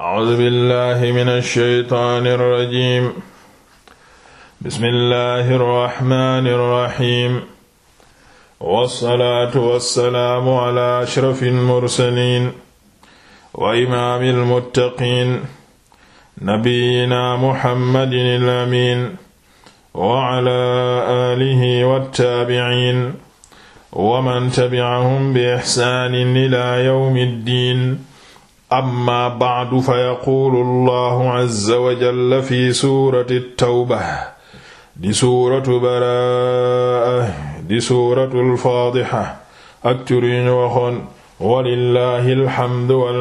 A'uuzu billaahi mina shaytaani rajiim. Bismillaahi rahmaani rahiim. Wassalaatu wassalaamu alaa ashrafil mursaliin. Wa imaamil muttaqiin. Nabiyyinaa Muhammadinil amiin. Wa alaa aalihi wattaabi'iin. Wa man tabi'ahum bi ihsaanin ilaa yawmid diin. amma ba'du fa yaquulu allahu azza wa fi suurati tawba di suuratu baraa di suuratul faadiha ak turiñu waxoon walillahi alhamdu wal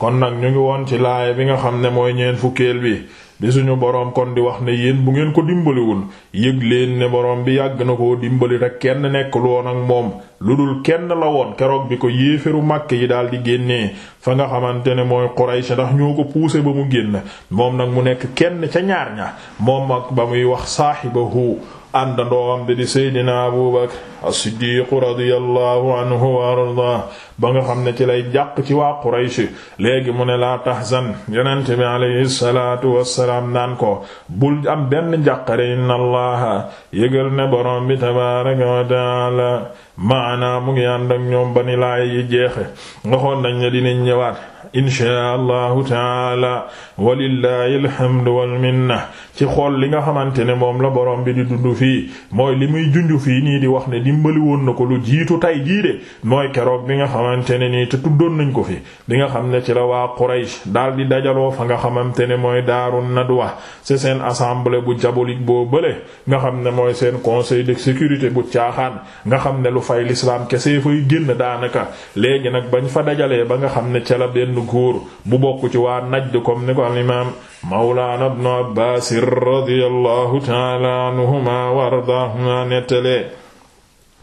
kon nag ñu ngi woon ci laaya bi nga xam ne mooy ñeent fukkeel bi di suñu boroom kon di wax na yéen bu ngeen ko dimbaliwul yëg leen ne boroom bi yàgg na koo dimbali te kenn nekkul woon ak moom lu dul kenn la woon keroog bi ko yéeféru màkk yi daal di génnee fa nga xamante ne mooy Quraysh ndax ñoo ko poussé ba mu génn moom nag mu nekk kenn ca ñaar ña moom ak ba muy wax saahibahu àndandoowam bi di Seydina Abu Bakr as-Siddiq radiyallahu anhu wa arda ba nga xam ne ci lay jàq ci waa Quraysh léegi mu ne laa tahzan yonent bi alayhi salaatu wassalaam naan ko bul am benn njàqare inna allaha yëgal ne borom bi tabaaraka wa taala maana mu ngi ànd ñoom ba ni laay yi jeexe nga xoon nañ ne dinañ ñëwaat inchaa allahu taala walillahi alhamdu wal minna ci xool li nga xamante ne moom la borom bi di dund fii mooy li muy junj fii nii di wax ne dimbali woon na ko lu jiitu tey jii mooy keroog bi nga xamante xamante ne te tuddoon nañ ko fi bi nga xam ne ci la waa Quraysh daal di dajaloo fa nga xamante ne mooy Daaru Nadwa c'est seen assemblée bu diabolique boo bële nga xam ne mooy seen conseil de sécurité bu caaxaan nga xam ne lu fay l'islam kese fay génn daanaka léegi nag bañ fa dajalee ba nga xam ne ca la benn góor bu bokk ci waa Najd comme ni ko al imaam Mawlaana Ibnu Abbaas radiyallahu ta'ala anhuma wa ardaahuma nettalee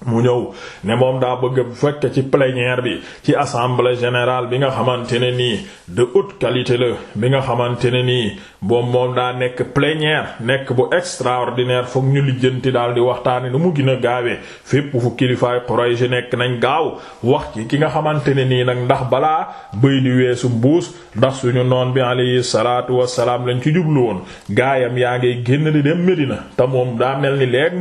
mu ñëw ne moom daa bëgg bu fekk ci plénière bi ci assemblée générale bi nga xamante ne nii de haute qualité la bi nga xamante ne nii boobu moom daa nekk plénière nekk bu extraordinaire foog ñu lijjanti daal di waxtaane nu mu gën a gaawee fépp fu kilifaay Quraysh nekk nañ gaaw wax ci ki nga xamante ne nii nag ndax balaa bëy di weesu mbuus ndax suñu noon bi alayhi salaatu wassalaam lañ ci jublu woon gaayam yaa ngay génn di dem Medina te moom daa mel ni léegi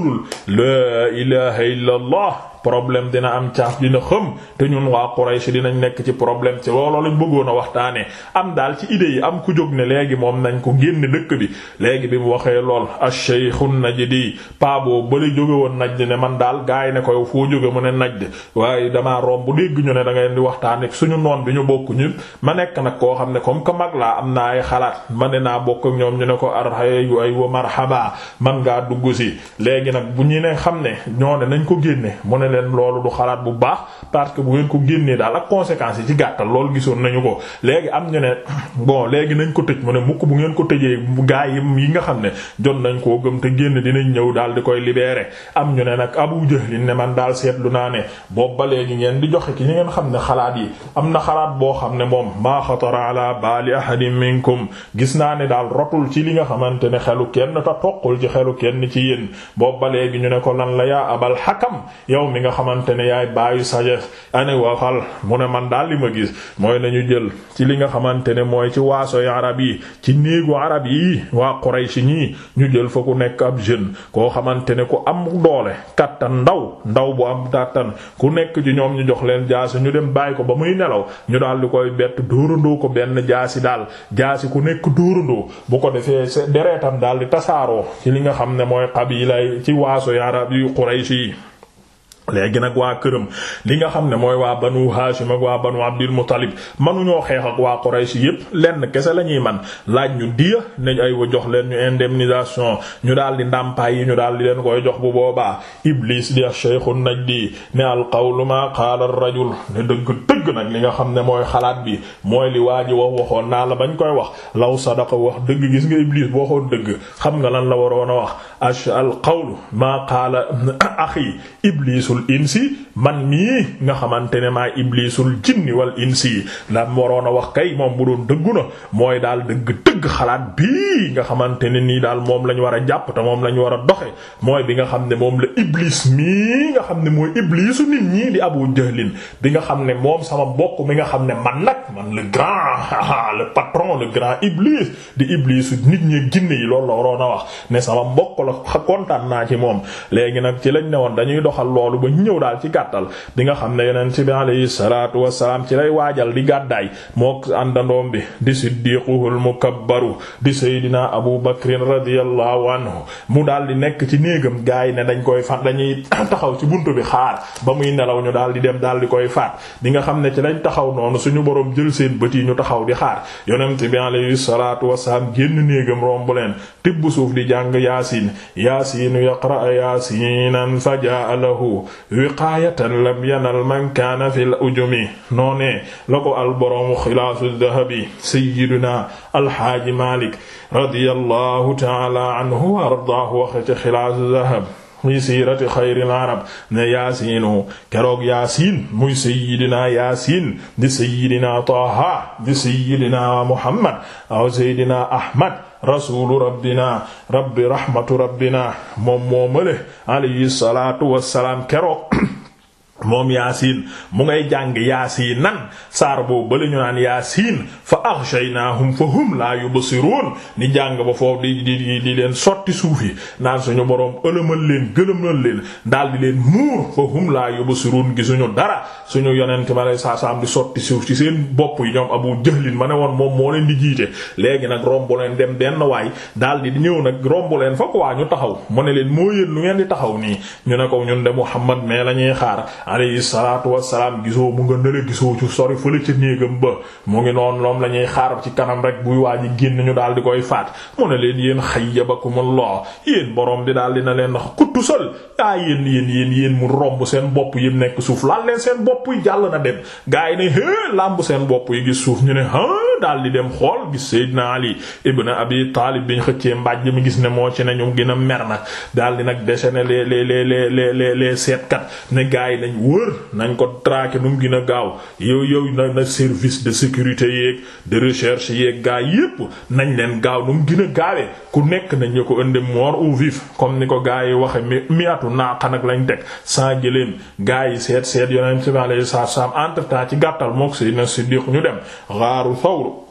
ludul la ilaha illa allah problème dina am caaf dina xëm te ñun waa Quraysh dinañ nekk ci problème ci looloo lañ bëggoon a waxtaanee am daal ci idée yi am ku jóg ne léegi moom nañ ko génne dëkk bi léegi bi mu waxee lool ash-shaykhun najdi paa boo bële jóge woon najd ne man daal gars yi ne ko yow foo mu ne najd waaye damaa romb bu dégg ñu ne da ngay di waxtaan ak suñu noon bi ñu bokk ma nekk nag koo xam ne comme que mag laa am naa ay xalaat naa bokk ak ñoom ne ko arhay ay wa marhaba man ngaa dugg si léegi nag ñu ne xam ne ñoo ne nañ ko génne mu ne ne leen loolu du xalaat bu baax parce que bu ngeen ko génnee daal ak conséquences yi ci gàttal loolu gisoon nañu ko léegi am ñu ne bon léegi nañ ko tëj mu ne mukk bu ngeen ko tëjee gaa yi nga xam ne jot nañ koo gëm te génn dinañ ñëw daal di koy libérer am ñu ne nag Abu Jahl ne man daal seetlu naa ne boobu ba léegi ngeen di joxe ci ñi ngeen xam ne xalaat yi am na xalaat boo xam ne moom maa xatara ala baali ahadin minkum gis naa ne daal rotul ci li nga xamante ne xelu kenn ta toqul ci xelu kenn ci yéen boobu ba ñu ne ko lan la yaa abal hakam yow mi mi nga xamante ne yaay baayu sagesse ane waxal mu ne man daal li ma gis mooy nañu jël ci li nga xamante ne mooy ci waasoy arab yi ci néegu arab yi waa Quraysh ñii ñu jël fa ku nekk ab jeune koo xamante ne ku am doole kattan ndaw ndaw bu am kattan ku nekk ci ñoom ñu jox leen jaaso ñu dem bàyyi ko ba muy nelaw ñu daal di koy bett dóorandoo ko benn jaasi daal jaasi ku nekk dóorandoo bu ko defee deretam daal di tasaaroo ci li nga xam ne mooy qabiila yi Quraysh léegi nag waa këram li nga xam ne mooy waa banu Haashim ak waa banu Abdul Muttalib manuñoo xeex ak waa Quraysh yépp lenn kese la ñuy man laaj ñu diya nañ ay wa jox leen ñu indemnisation ñu daal di ndàmpaay yi ñu daal di leen koy jox bu boobaa Iblis di Shaykhu Najdi ne al qawlu ma qaala ar-rajul ne dëgg dëgg nag li nga xam ne mooy xalaat bi mooy li waa ji wax waxoon naa la bañ koy wax law sadaqa wax dëgg gis nga Iblis boo waxoon dëgg xam nga lan la waroon a wax al qawlu ma qaala axi Iblis insi man mii nga xamante ne maa iblisul jinni wal insi la waroon a wax kay moom bu doon dëggu mooy daal dëgg dëgg xalaat bii nga xamante ne nii daal moom lañ war a jàpp te moom lañ war a doxe mooy bi nga xam ne moom la iblis mii xam ne mooy iblisu nit ñi di abu jahlin bi nga xam ne moom sama mbokk mi nga xam ne man nag man la grand la patron la grand iblis di iblisu nit ñi jinne yi lool la waroon a wax ne sama bokk la kontaan naa ci moom léegi nag ci lañ ne woon dañuy doxal loolu ba ñëw daal ci gàtt gàttal bi xam ne yonent bi alayhi salaatu wasalaam ci lay waajal di gàddaay moo àndandoom bi di siddiquhul mukabbaru di seydina abu bakrin radiyallahu anhu mu daal di nekk ci néegam gaay ne dañ koy faat dañuy taxaw ci bunt bi xaar ba muy nelaw ñu daal di dem daal di koy faat di nga xam ne ci lañ taxaw noonu suñu boroom jël seen bët yi ñu taxaw di xaar yonent bi alayhi salaatu wasalaam génn néegam romb leen tibb suuf di jàng yaasiin yaasiinu yaqra yaasiinan fajaa lahu wiqaaya aayatan lam yanal man kaana fil ujumi noonee la ko al boroomu xilaasu dahabi sayyiduna alxaaji Maalik radiyallahu taala anhu wa ardaahu waxe ci xilaasu dahab muy siirati xayril arab ne yaasiinu keroog yaasiin muy sayidina yaasiin di sayidina taaha di sayidina muhammad aw sayidina ahmad rasulu rabbina rabbi rahmatu rabbina moom moomale alayhi salaatu wassalaam keroog moom yaasiin mu ngay jàng yaasiinan saar boo bale ñu naan yaasiin fa aghshaynaahum fa hum laa yubsiruun ni jàng ba foofu di di di leen sotti suuf yi naan suñu boroom ëlëmal leen gëlëmal leen daal di leen muur fa hum laa yubsiruun gisuñu dara suñu yonent ma lay saa saam di sotti suuf ci seen bopp yi ñoom abu jahlin ma ne woon moom moo leen di jiite léegi nag romb leen dem benn waay daal di ñëw nag romb leen fa waa ñu taxaw mu ne leen moo yéen lu ngeen di taxaw nii ñu ne ko ñun de Muhammad mais lañuy xaar alayhi salaatu wassalaam gisoo mu nga nële gisoo ci sori fële ca néegam ba mu ngi noonu loom la ñuy xaar ci kanam rek buy waa ji génn ñu daal di koy faat mu ne leen yéen xayyabakumullah yéen borom bi daal na leen kuttusal aa yéen yéen yéen yéen mu romb seen bopp yi nekk suuf laal leen seen bopp yi jàll na dem gaa yi ne làmb seen bopp yi gis suuf ñu ne ha daal di dem xool gis Seydina Ali ibn Abi bi biñ xëccee mbàjj mi gis ne moo ci ne ñu gën a mer nag daal di nag déchaîner les les les les les les seetkat ne gaa yi lañ wër nañ ko traqué nu mu gën a gaaw yow yow na na service de sécurité yeeg de recherche yeeg gaa yépp nañ leen gaaw nu mu gën gaawee ku nekk nañ ñu ko indi mort ou vif comme ni ko gaa yi waxe mi miatu naaqa nag lañ teg sans jëleen gaa yi seet seet yonent bi alayhi salaam entre temps ci gàttal mook Seydina Siddiq ñu dem xaaru Sawr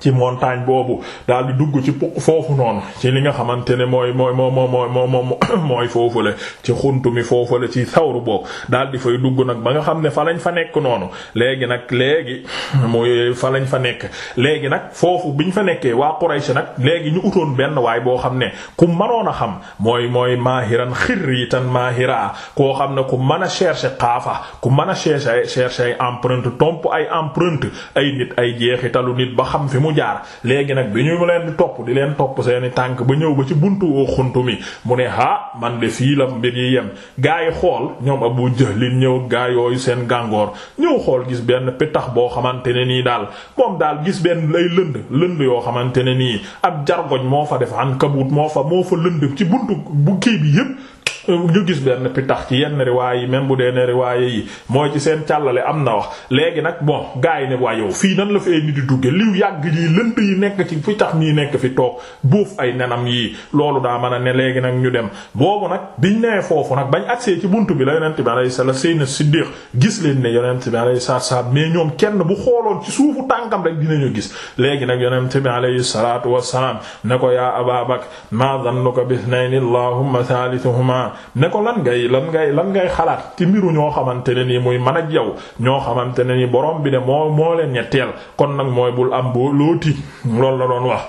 ci montagne boobu daal di dugg ci puq foofu noonu ci li nga xamante ne mooy mooy moo moo mooy moo moo mooy foofu la ci xuntu mi foofu la ci sawru boobu daal di fay dugg nag ba nga xam ne fa lañ fa nekk noonu léegi nag léegi mooy fa lañ fa nekk léegi nag foofu biñ fa nekkee waa si nag léegi ñu utoon benn waay boo xam ne ku mënoon a xam mooy mooy maahiran xirriitan maahira koo xam ne ku mën a chercher xaafa ku mën a chercher ay chercher ay empreinte tomp ay emprent ay nit ay jeexitalu nit mu jaar léegi nag bi ñu leen di topp di leen topp seeni tànk ba ñëw ba ci buntu xuntu mi mu ne ah man de fii la mbir yi yem gaa yi xool ñoom Abu Jahlin ñëw gaa yooyu seen gàngoor ñëw xool gis benn pétax boo xamante ne nii daal moom daal gis benn lay lënd lënd yoo xamante ne nii ab jargoñ moo fa def an moo fa moo fa lënd ci buntu bu kii bi yépp ñu gis benn pitax ci yenn riwaay yi même bu dee ne riwaay yi mooy ci seen càllale am na wax léegi nag bon gars yi ne waa yow fii nan la fi ay nit di dugge liw yàgg yi lënt yi nekk ci pitax mii nekk fi toog buuf ay nenam yii loolu daa mën a ne léegi nag ñu dem boobu nag biñ nee foofu nag bañ agsee ci bunt bi la yonent bi alayhi salaam Seydina Siddiq gis leen ne yonent bi alayhi salaam mais ñoom kenn bu xooloon ci suufu tànkam rek dinañu gis léegi nag yonent bi alayhi salaatu wassalaam ne ko yaa Abaa Bakr ma dhannuka ne ko lan ngay lan ngay lan ngay xalaat ci mbiru ñoo xamante ne nii muy man ak yow ñoo xamante ne nii boroom bi ne moo moo leen ñetteel kon nag mooy bul am boo looti loolu la doon wax.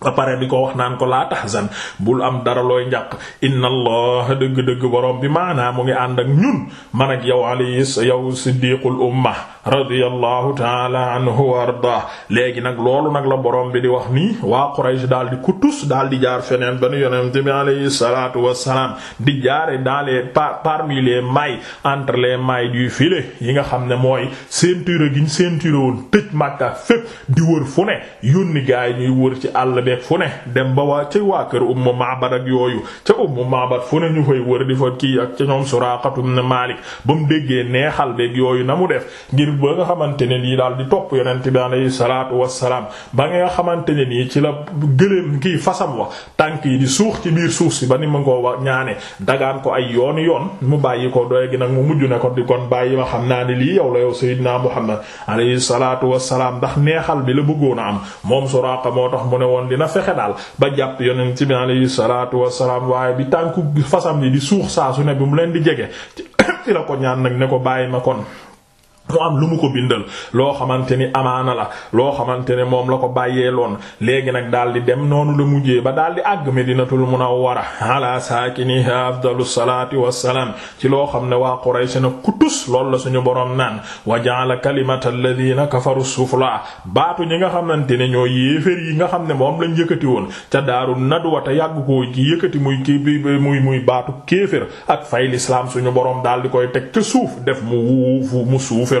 ba pare di ko wax naan ko laa tax tahzan bul am dara looy njàq inna allah dëgg-dëgg borom bi maanaa mu ngi ànd ak ñun man ak yow alayhi yow siddiqul umma radiyallahu taala anhu wa ardaa léegi nag loolu nag la borom bi di wax nii waa Quraysh daal di kutus daal di jaar feneen ba nu yonent bi alayhi salaatu wassalaam di jaar dans les par parmi les mailles entre les may du filet yi nga xam ne mooy ceinture gi ñu ceinture woon tëj Makka fépp di wër fu ne gaay ñuy wër ci àll beeg fu ne dem ba waa ca waa kër Ummu Ma'bad ak yooyu ca Ummu Ma'bad fu ne ñu fay wër di fa kii ak ci ñoom Suraqatu ibn Malik ba mu déggee neexal beeg yooyu na mu def ba nga xamante ne nii daal di topp yonent bi alayhi salaatu salaam ba nga xamante ne nii ci la gëléem kii fasam wax tànk yi di ci biir suuf si ba ni ma ko ñaane dagaan ko ay yoon yoon mu bàyyi ko doy nag mu mujj ne ko di kon bàyyi ma xam naa ne lii yow la yow Seydina Muhammad alayhi salaatu wassalaam ndax neexal bi la bëggoon a am moom moo tax mu woon dina fexe daal ba jàpp yonent bi alayhi salaatu wassalaam waaye bi tànku fasam yi di suux saa su ne bi mu leen di jege ci la ko ñaan nag ne ko bàyyi ma kon mu am lu mu ko bindal loo xamante ni amaana la loo xamante ne moom la ko bàyyee loon léegi nag daal di dem noonu la mujjee ba daal di àgg Medinatul Munawwara ala saakiniha afdalu salaati wassalaam ci loo xam ne waa Quraysh na kutus lool la suñu boroom naan wa ja'ala kalimata alladhina kafaru sufla baatu ñi nga xamante ne ñoo yéefér yi nga xam ne moom lañ yëkkati woon ca daaru nadwa te yàgg koo ki yëkkati muy ki muy muy baatu kéefér ak fay l'islam suñu borom daal di koy teg ca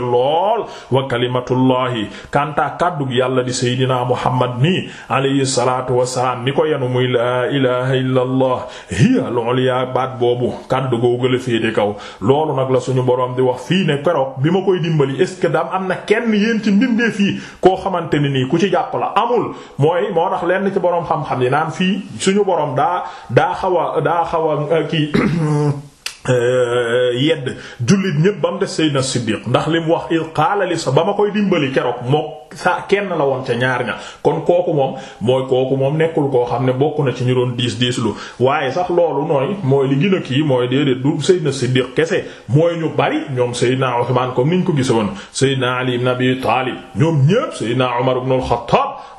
dëgër lool wa kalimatullahi kanta kàddu yàlla di seydina muhammad mi alayhi salaatu wassalaam ni ko yanu muy laa ilaha illa allah hiya lolyaa baat boobu kàddu googu la féete kaw loolu nag la suñu boroom di wax fii ne keroog bi ma koy dimbali est-ce que daam am na kenn yéen ci mbindee fii koo xamante ne nii ku ci jàpp la amul mooy moo tax lenn ci boroom xam-xam yi naan fii suñu boroom daa daa xaw a daa xaw kii Eh, yedd jullit ñépp ba mu def Seydina Siddiq ndax li mu wax il qaala sa ba ma koy dimbali keroog moo sa kenn la woon ca ñaar ña kon kooku moom mooy kooku moom nekkul koo xam ne bokku na ci ñu doon diis diis lu waaye sax loolu nooy mooy li gën a kii mooy déedéet du Seydina Siddiq kese mooy ñu bari ñoom Seydina Usmaan comme niñ ko gisoon Seydina Ali ibn Abi ñoom ñépp Seydina Umar ibn al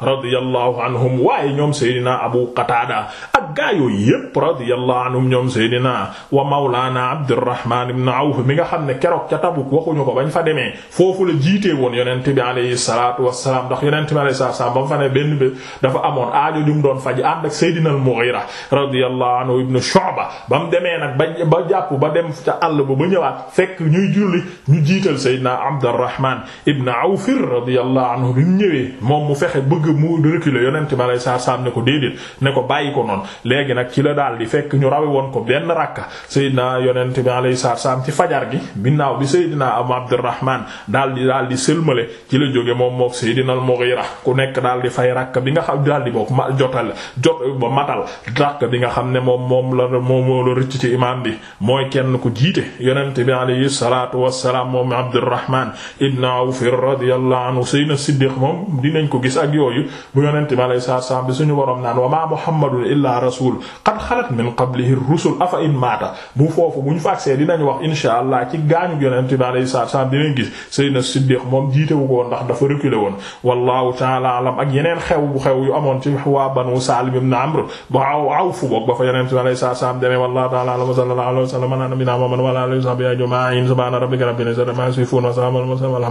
radiyallahu anhum waaye ñoom seydina abu qataada ak gaa yooyu yépp radiyallahu anhum ñoom seydina wa mawlaana abdurrahman ibn awf mi nga xam ne keroog ca tabuk waxuñu ko bañ fa demee foofu la jiitee woon yonent bi alayhi salaatu wassalaam ndax yonent bi alayhi salaatu wassalaam ba mu fa ne benn bi dafa amoon aajo jum doon faj ànd ak seydina al-mughira radiyallahu anhu ibn shu'ba ba mu demee nag ba jàpp ba dem ca àll ba ba ñëwaat fekk ñuy julli ñu jiital seydina abdurrahman ibn awf radiyallahu anhu bi mu ñëwee moom mu fexe bëgg reculer mu reculer yonent ma lay saa saam ne ko déedéet ne ko bàyyi ko noonu léegi nag ci la daal di fekk ñu rawe woon ko benn rakka Seydina yonent ma lay saa saam ci fajar gi ginnaaw bi Seydina Abu Abdurrahman dal di daal di sëlmale ci la jóge moom mook Seydina al-Mughira ku nekk daal di fay rakka bi nga xam dal di bokk ma jotal jot ba matal rakka bi nga xam ne moom moom la moom moo la rëcc ci imaam bi mooy kenn ku jiite yonent bi alayhi salaatu wassalaam moom Abdurrahman ibn Awf radiyallahu anhu Seydina Siddiq moom dinañ ko gis ak yooyu bu yonente mi alayhi bi suñu boroom wa maa muhammadun illaa rasul qad xalat min qablihi rusul afa in maata bu foofu bu ñu faagsee dinañ wax insha allah ci gaañu yonente mi alayhi salaatu salaam dinañ gis sayyidina siddiq moom jiitewu ko ndax dafa bu xew yu amoon ci waa banu salim ibn amr ba aw aw fu boog ba fa yonente mi alayhi wa sallallahu alayhi wa wa ala alihi wa